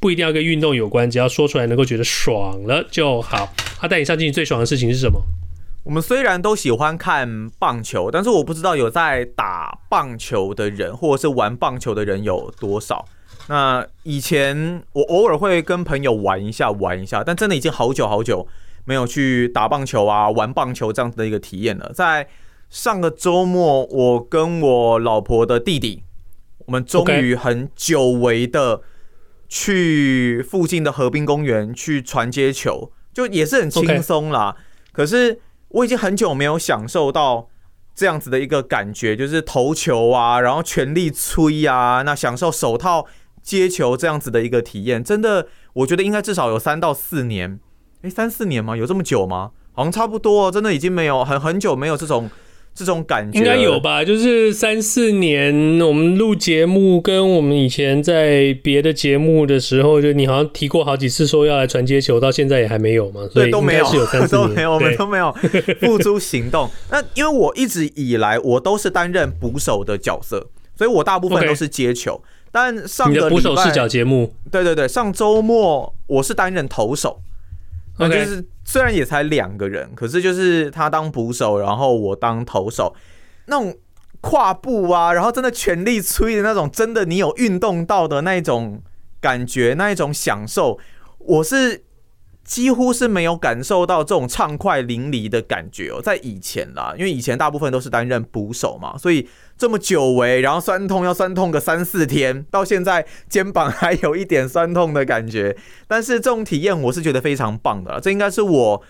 不一定要跟運動有關，只要說出來能夠覺得爽了就好。他、啊、帶你上鏡最爽的事情是什麼？我們雖然都喜歡看棒球，但是我不知道有在打棒球的人，或者是玩棒球的人有多少。那以前我偶爾會跟朋友玩一下，玩一下，但真的已經好久好久沒有去打棒球啊，玩棒球這樣子的一個體驗了。在上個週末，我跟我老婆的弟弟，我們終於很久違的、okay.。去附近的河濱公園去傳接球，就也是很輕鬆啦。Okay. 可是我已經很久沒有享受到這樣子的一個感覺，就是投球啊，然後全力催啊，那享受手套接球這樣子的一個體驗，真的我覺得應該至少有三到四年。哎、欸，三四年嗎？有這麼久嗎？好像差不多，真的已經沒有很很久沒有這種。這種感覺應該有吧？就是三四年，我們錄節目跟我們以前在別的節目的時候，就你好像提過好幾次說要來傳接球，到現在也還沒有嘛？所以有，對，都沒有，都沒有，我們都沒有付諸行動。 那因為我一直以來我都是擔任捕手的角色，所以我大部分都是接球。Okay, 但上個你的捕手視角節目，對對對，上週末我是擔任投手。那、okay. 就是雖然也才兩個人，可是就是他當捕手，然後我當投手，那種跨步啊，然後真的全力催的那種，真的你有運動到的那種感覺，那一種享受，我是。幾乎是沒有感受到這種暢快淋漓的感覺哦，在以前啦，因為以前大部分都是擔任捕手嘛，所以這麼久違，然後酸痛要酸痛個三四天，到現在肩膀還有一點酸痛的感覺，但是這種體驗我是覺得非常棒的，這應該是我。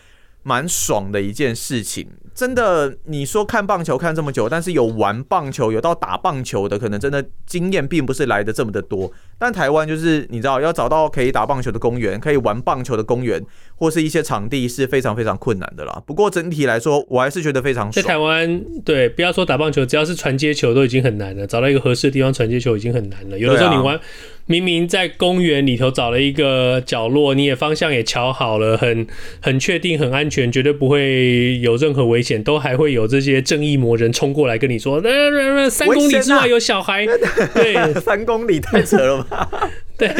蠻爽的一件事情，真的。你說看棒球看這麼久，但是有玩棒球，有到打棒球的，可能真的經驗並不是來的這麼的多。但台灣就是你知道，要找到可以打棒球的公園，可以玩棒球的公園，或是一些場地是非常非常困難的啦。不過整體來說，我還是覺得非常爽在台灣。對，不要說打棒球，只要是傳接球都已經很難了。找到一個合適的地方傳接球已經很難了。有的時候你玩。對啊明明在公園裡頭找了一個角落，你也方向也瞧好了，很很確定，很安全，絕對不會有任何危險，都還會有這些正義魔人衝過來跟你說呃呃呃，三公里之外有小孩，啊、對， 三公里太扯了吧？ 對，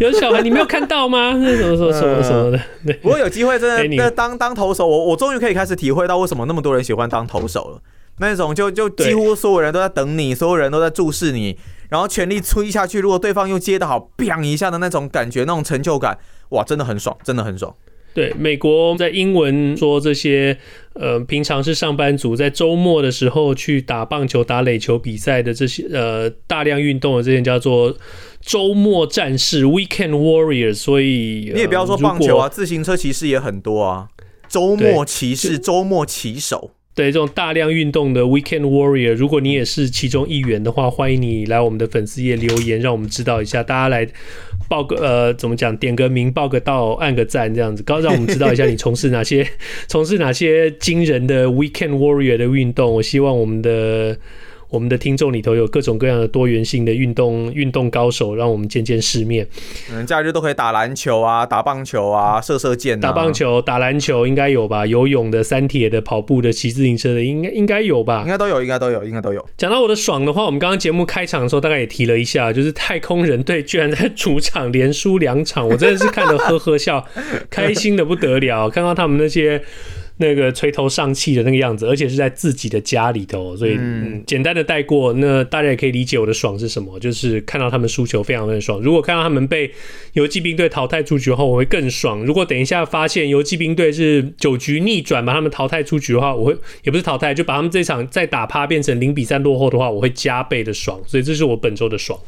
有小孩你沒有看到嗎？ 什麼什麼什麼的？不過有機會真的，那 當當投手，我我終於可以開始體會到為什麼那麼多人喜歡當投手了，那種就就幾乎所有人都在等你，所有人都在注視你。然後全力吹下去，如果對方又接得好，砰一下的那種感覺，那種成就感，哇，真的很爽，真的很爽。對，美國在英文說這些，呃，平常是上班族，在周末的時候去打棒球、打壘球比賽的這些，呃，大量運動的這些叫做周末戰士 （Weekend Warriors）。所以，呃，你也不要說棒球啊，自行車騎士也很多啊，周末騎士、周末騎手。對這種大量運動的 Weekend Warrior，如果你也是其中一員的話，歡迎你來我們的粉絲頁留言，讓我們知道一下。大家來報個呃，怎麼講，點個名，報個到，按個讚，這樣子，剛讓我們知道一下你從事哪些從 事哪些驚人的 Weekend Warrior 的運動。我希望我們的。我們的聽眾裡頭有各種各樣的多元性的運動運動高手，讓我們見見世面。嗯，假日都可以打籃球啊，打棒球啊，射射箭啊，打棒球、打籃球應該有吧？游泳的、三鐵的、跑步的、騎自行車的，應該應該有吧？應該都有，應該都有，應該都有。講到我的爽的話，我們剛剛節目開場的時候大概也提了一下，就是太空人隊居然在主場連輸兩場，我真的是看得呵呵笑， 開心的不得了，看到他們那些。那個垂頭喪氣的那個樣子，而且是在自己的家裡頭，所以、嗯、簡單的帶過。那大家也可以理解我的爽是什麼，就是看到他們輸球非常非常爽。如果看到他們被遊騎兵隊淘汰出局後，我會更爽。如果等一下發現遊騎兵隊是九局逆轉把他們淘汰出局的話，我會也不是淘汰，就把他們這場再打趴變成零比三落後的話，我會加倍的爽。所以這是我本週的爽。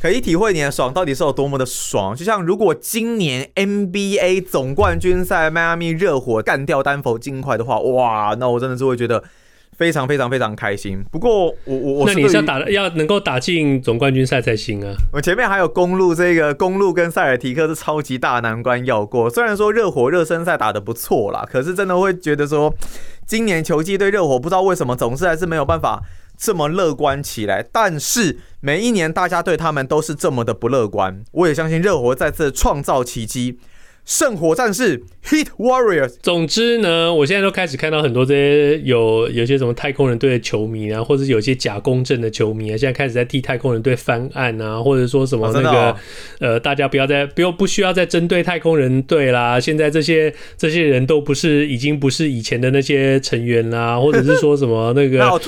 可以體會你的爽到底是有多麼的爽。就像如果今年 NBA 總冠軍賽邁阿密熱火幹掉丹佛金塊的話，哇，那我真的是會覺得非常非常非常開心。不過我我我，那你要打要能夠打進總冠軍賽才行啊。我前面還有公鹿，這個公鹿跟塞爾提克是超級大難關要過。雖然說熱火熱身賽打得不錯啦，可是真的會覺得說今年球季對熱火不知道為什麼總是還是沒有辦法這麼樂觀起來，但是每一年大家對他們都是這麼的不樂觀。我也相信熱火再次創造奇蹟。聖火戰士 Hit Warriors。總之呢，我現在都開始看到很多這些有有些什麼太空人隊的球迷啊，或者有些假公正的球迷啊，現在開始在替太空人隊翻案啊，或者說什麼那個、哦哦、呃，大家不要再不要不需要再針對太空人隊啦。現在這些這些人都不是已經不是以前的那些成員啦，或者是說什麼那個 到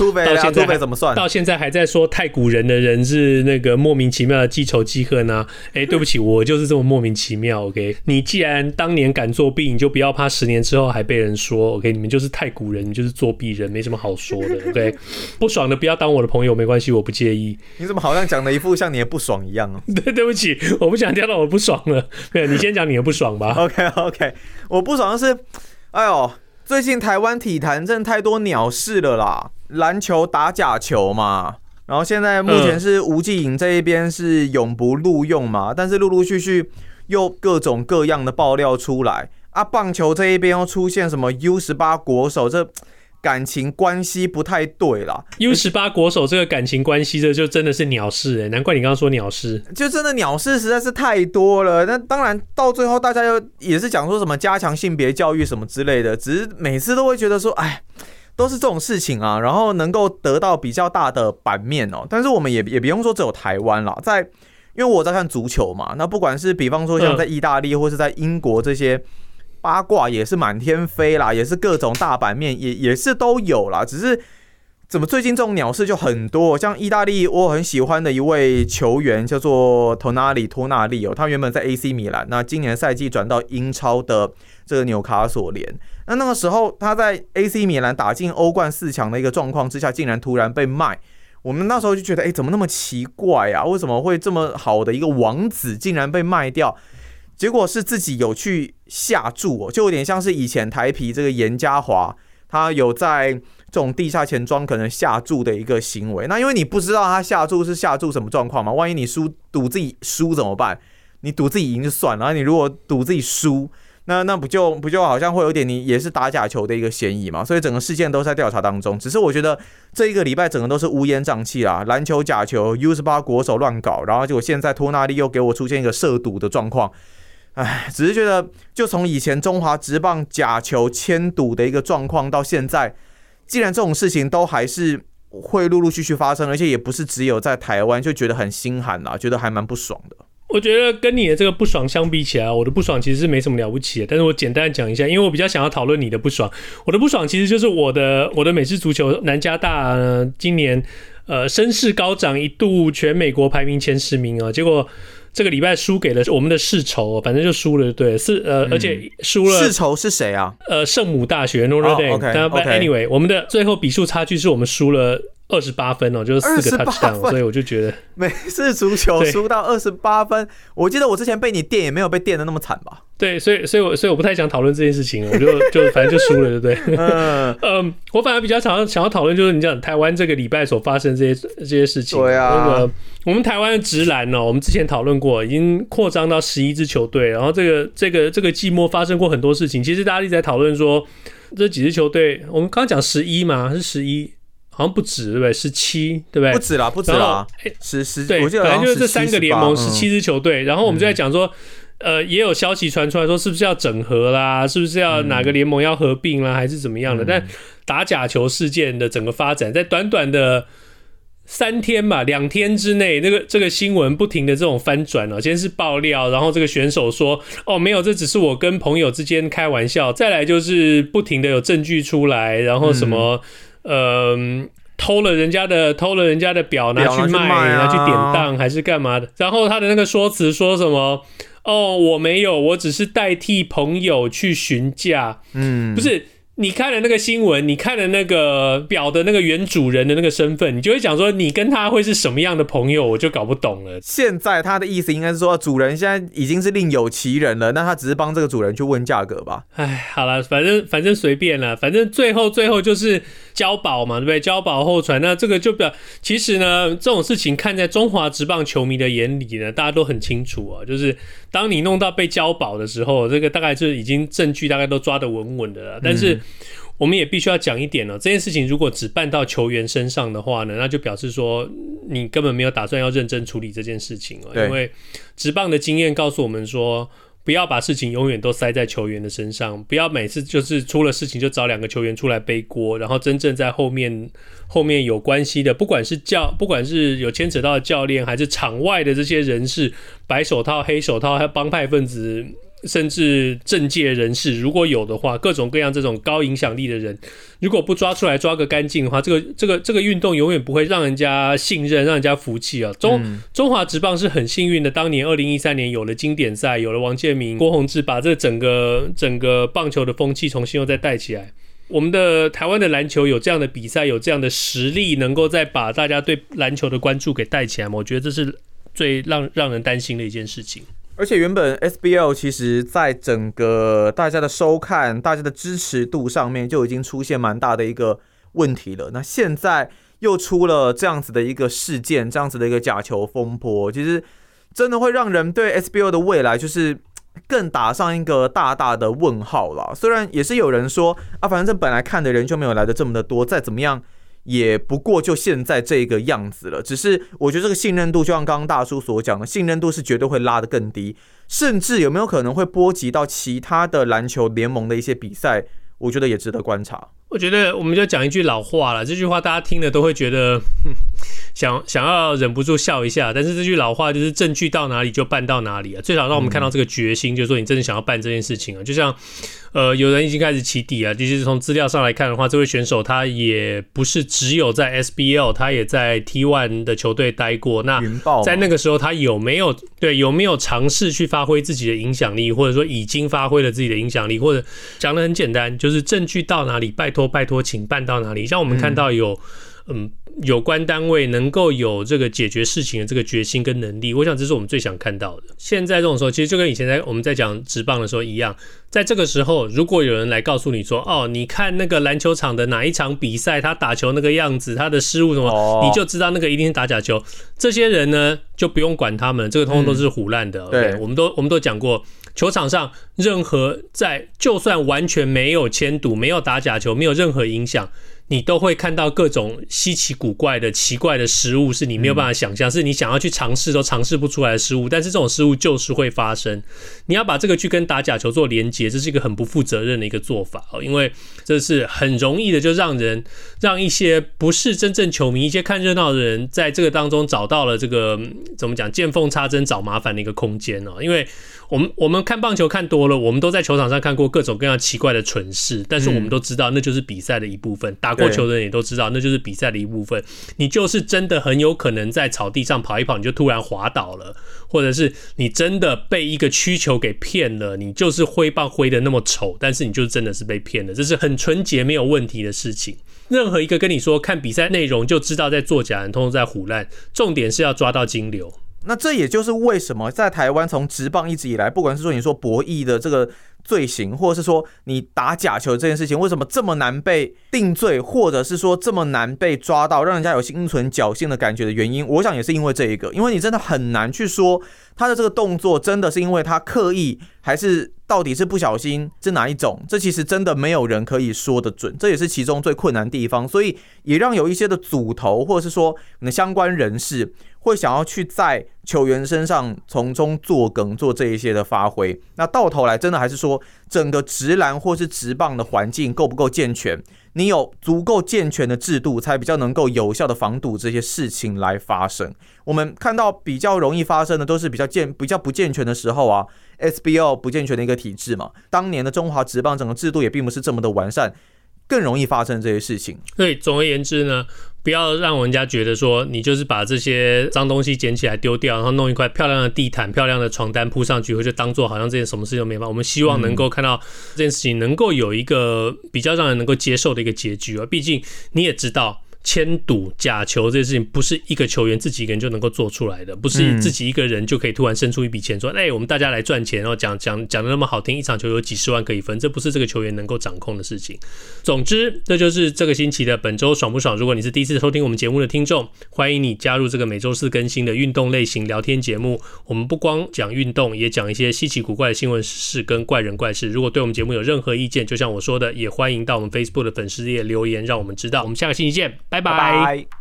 現在怎麼算？ 到現在還在說太古人的人是那個莫名其妙的記仇記恨啊。哎、欸，對不起， 我就是這麼莫名其妙。OK，你既然當年敢作弊，你就不要怕十年之後還被人說。OK，你們就是太古人，你就是作弊人，沒什麼好說的，對。不爽的不要當我的朋友，沒關係，我不介意。你怎麼好像講的一副像你的不爽一樣、啊、 對，對不起，我不想聽到我不爽了。對你先講你的不爽吧。 OK，OK，、okay, okay. 我不爽的是，哎呦，最近台灣體壇真的太多鳥事了啦！籃球打假球嘛，然後現在目前是吳季瑩這一邊是永不錄用嘛，嗯、但是陸陸續續。又各種各樣的爆料出來啊！棒球這一邊又出現什麼 U 十八國手，這感情關係不太對啦。U 十八國手這個感情關係，這就真的是鳥事欸！難怪你剛剛說鳥事，就真的鳥事實在是太多了。那當然到最後大家又也是講說什麼加強性別教育什麼之類的，只是每次都會覺得說，哎，都是這種事情啊。然後能夠得到比較大的版面哦，但是我們也也不用說只有台灣啦，在。因為我在看足球嘛，那不管是比方說像在意大利或是在英國，這些八卦也是滿天飛啦，也是各種大版面也也是都有啦。只是怎麼最近這種鳥事就很多，像意大利我很喜歡的一位球員叫做 Tonali, 托納里托納里哦，他原本在 AC 米蘭，那今年賽季轉到英超的這個紐卡索聯，那那個時候他在 AC 米蘭打進歐冠四強的一個狀況之下，竟然突然被賣。我們那時候就覺得，哎、欸，怎麼那麼奇怪呀、啊？為什麼會這麼好的一個王子竟然被賣掉？結果是自己有去下注，喔，就有點像是以前台啤這個嚴家華，他有在這種地下錢莊可能下注的一個行為。那因為你不知道他下注是下注什麼狀況嘛，萬一你輸賭自己輸怎麼辦？你賭自己贏就算了，然後你如果賭自己輸。那那不就不就好像會有點你也是打假球的一個嫌疑嘛？所以整個事件都在調查當中。只是我覺得這一個禮拜整個都是烏煙瘴氣啦，籃球假球 U18 國手亂搞，然後結果現在托納利又給我出現一個涉賭的狀況。唉，只是覺得就從以前中華職棒假球簽賭的一個狀況到現在，既然這種事情都還是會陸陸續續發生，而且也不是只有在台灣，就覺得很心寒啦，覺得還蠻不爽的。我覺得跟你的這個不爽相比起來，我的不爽其實是沒什麼了不起的。但是我簡單講一下，因為我比較想要討論你的不爽。我的不爽其實就是我的我的美式足球南加大、呢呃、今年呃聲勢高漲，一度全美國排名前十名啊。結果這個禮拜輸給了我們的世仇，反正就輸了就對了。是呃、嗯，而且輸了世仇是誰啊？呃，聖母大學 Notre Dame, oh, OK. Anyway, okay. 我們的最後比數差距是我們輸了。二十八分哦、喔，就是四個 Touchdown。所以我就覺得每次足球輸到二十八分，我記得我之前被你電也沒有被電的那麼慘吧？對，所以所以我，我所以我不太想討論這件事情，我就就反正就輸了,了，對不對？嗯嗯， um, 我反而比較想要想要討論就是你講台灣這個禮拜所發生這些這些事情，對啊，那個我們台灣職籃哦、喔，我們之前討論過，已經擴張到十一支球隊，然後這個這個這個季末發生過很多事情，其實大家一直在討論說這幾支球隊，我們剛剛講十一嘛，是十一。好像不止對不對？十七對不對？不止啦，不止啦，哎，十十對，反正就是這三個聯盟，十七支球隊。然後我們就在講說，呃，也有消息傳出來說，是不是要整合啦？是不是要哪個聯盟要合併啦？還是怎麼樣的、嗯？但打假球事件的整個發展，在短短的三天吧，兩天之內，那個這個新聞不停的這種翻轉哦，先是爆料，然後這個選手說：“哦，沒有，這只是我跟朋友之間開玩笑。”再來就是不停的有證據出來，然後什麼、嗯。呃、嗯，偷了人家的，偷了人家的錶拿去賣，去賣，啊，拿去典當還是幹嘛的？然後他的那個說辭說什麼？哦，我沒有，我只是代替朋友去詢價。嗯，不是。你看了那個新聞，你看了那個表的那個原主人的那個身份，你就會想說，你跟他會是什麼樣的朋友？我就搞不懂了。現在他的意思應該是說，主人現在已經是另有其人了，那他只是幫這個主人去問價格吧。哎，好了，反正反正隨便了，反正最後最後就是交保嘛，對不對？交保候傳，那這個就表其實呢，這種事情看在中華職棒球迷的眼裡呢，大家都很清楚啊，就是當你弄到被交保的時候，這個大概就已經證據大概都抓得穩穩的了，但是。嗯我們也必須要講一點呢、喔，這件事情如果只辦到球員身上的話呢，那就表示說你根本沒有打算要認真處理這件事情哦、喔。因為職棒的經驗告訴我們說，不要把事情永遠都塞在球員的身上，不要每次就是出了事情就找兩個球員出來背鍋，然後真正在後面後面有關係的，不管是教，不管是有牽扯到的教練還是場外的這些人士，白手套、黑手套還有幫派分子。甚至政界人士，如果有的話，各種各樣這種高影響力的人，如果不抓出來抓個乾淨的話，這個這個這個運動永遠不會讓人家信任，讓人家服氣啊。中中華職棒是很幸運的，當年二零一三年有了經典賽，有了王建民、郭泓志，把這整個整個棒球的風氣重新又再帶起來。我們的台灣的籃球有這樣的比賽，有這樣的實力，能夠再把大家對籃球的關注給帶起來嗎？我覺得這是最讓讓人擔心的一件事情。而且原本 SBL 其實在整個大家的收看，大家的支持度上面就已經出現蠻大的一個問題了。那現在又出了這樣子的一個事件，這樣子的一個假球風波，其實真的會讓人對 SBL 的未來就是更打上一個大大的問號了。雖然也是有人說啊，反正這本來看的人就沒有來的這麼的多，再怎麼樣。也不過就現在這個樣子了，只是我覺得這個信任度，就像剛剛大叔所講的，信任度是絕對會拉得更低，甚至有沒有可能會波及到其他的籃球聯盟的一些比賽，我覺得也值得觀察。我覺得我們就講一句老話了，這句話大家聽了都會覺得哼。想想要忍不住笑一下，但是這句老話就是證據到哪裡就辦到哪裡啊，最少讓我們看到這個決心，嗯、就是說你真的想要辦這件事情啊。就像，呃，有人已經開始起底啊，就是從資料上來看的話，這位選手他也不是只有在 SBL，他也在 T1 的球隊待過。那在那個時候，他有沒有對有沒有嘗試去發揮自己的影響力，或者說已經發揮了自己的影響力？或者講的很簡單，就是證據到哪裡，拜託拜託，請辦到哪裡，像我們看到有。嗯嗯，有關單位能夠有這個解決事情的這個決心跟能力，我想這是我們最想看到的。現在這種時候，其實就跟以前在我們在講職棒的時候一樣，在這個時候，如果有人來告訴你說，哦，你看那個籃球場的哪一場比賽，他打球那個樣子，他的失誤什麼、哦，你就知道那個一定是打假球。這些人呢，就不用管他們，這個通通都是唬爛的。嗯 okay? 對，我們都我們都講過，球場上任何在就算完全沒有簽賭，沒有打假球，沒有任何影響。你都會看到各種稀奇古怪的奇怪的失誤，是你沒有辦法想象是你想要去嘗試都嘗試不出來的失誤。但是這種失誤就是會發生。你要把這個去跟打假球做連接，這是一個很不負責任的一個做法哦，因為這是很容易的，就讓人讓一些不是真正球迷，一些看熱鬧的人，在這個當中找到了這個怎麼講，見縫插針找麻煩的一個空間哦。因為我們我們看棒球看多了，我們都在球場上看過各種各樣奇怪的蠢事，但是我們都知道，那就是比賽的一部分。打播球的人也都知道，那就是比賽的一部分。你就是真的很有可能在草地上跑一跑，你就突然滑倒了，或者是你真的被一個曲球給騙了。你就是揮棒揮得那麼醜，但是你就是真的是被騙了。這是很純潔沒有問題的事情。任何一個跟你說看比賽內容就知道在作假人，通通在唬爛。重點是要抓到金流。那這也就是為什麼在台灣從職棒一直以來，不管是說你說博弈的這個。罪行，或者是說你打假球這件事情，為什麼這麼難被定罪，或者是說這麼難被抓到，讓人家有心存僥幸的感覺的原因，我想也是因為這一個，因為你真的很難去說他的這個動作真的是因為他刻意，還是到底是不小心，是哪一種，這其實真的沒有人可以說得準，這也是其中最困難的地方，所以也讓有一些的組頭或者是說你的相關人士會想要去在球員身上從中作梗做這一些的發揮，那到頭來真的還是說整個職籃或是職棒的環境夠不夠健全？你有足夠健全的制度，才比較能夠有效的防堵這些事情來發生。我們看到比較容易發生的，都是比較健比較不健全的時候啊。SBL 不健全的一個體制嘛，當年的中華職棒整個制度也並不是這麼的完善。更容易發生這些事情。對，總而言之呢，不要讓人家覺得說你就是把這些髒東西撿起來丟掉，然後弄一塊漂亮的地毯、漂亮的床單鋪上去，或者當做好像這件什麼事都沒發生。我們希望能夠看到這件事情能夠有一個比較讓人能夠接受的一個結局啊。畢竟你也知道。簽賭假球這件事情，不是一個球員自己一個人就能夠做出來的，不是自己一個人就可以突然生出一筆錢，說，哎，我們大家來賺錢，然後講講講的那麼好聽，一場球有幾十萬可以分，這不是這個球員能夠掌控的事情。總之，這就是這個星期的本周爽不爽？如果你是第一次收聽我們節目的聽眾，歡迎你加入這個每周四更新的運動類型聊天節目。我們不光講運動，也講一些稀奇古怪的新聞事跟怪人怪事。如果對我們節目有任何意見，就像我說的，也歡迎到我們 Facebook 的粉絲頁留言，讓我們知道。我們下個星期見，拜。拜拜。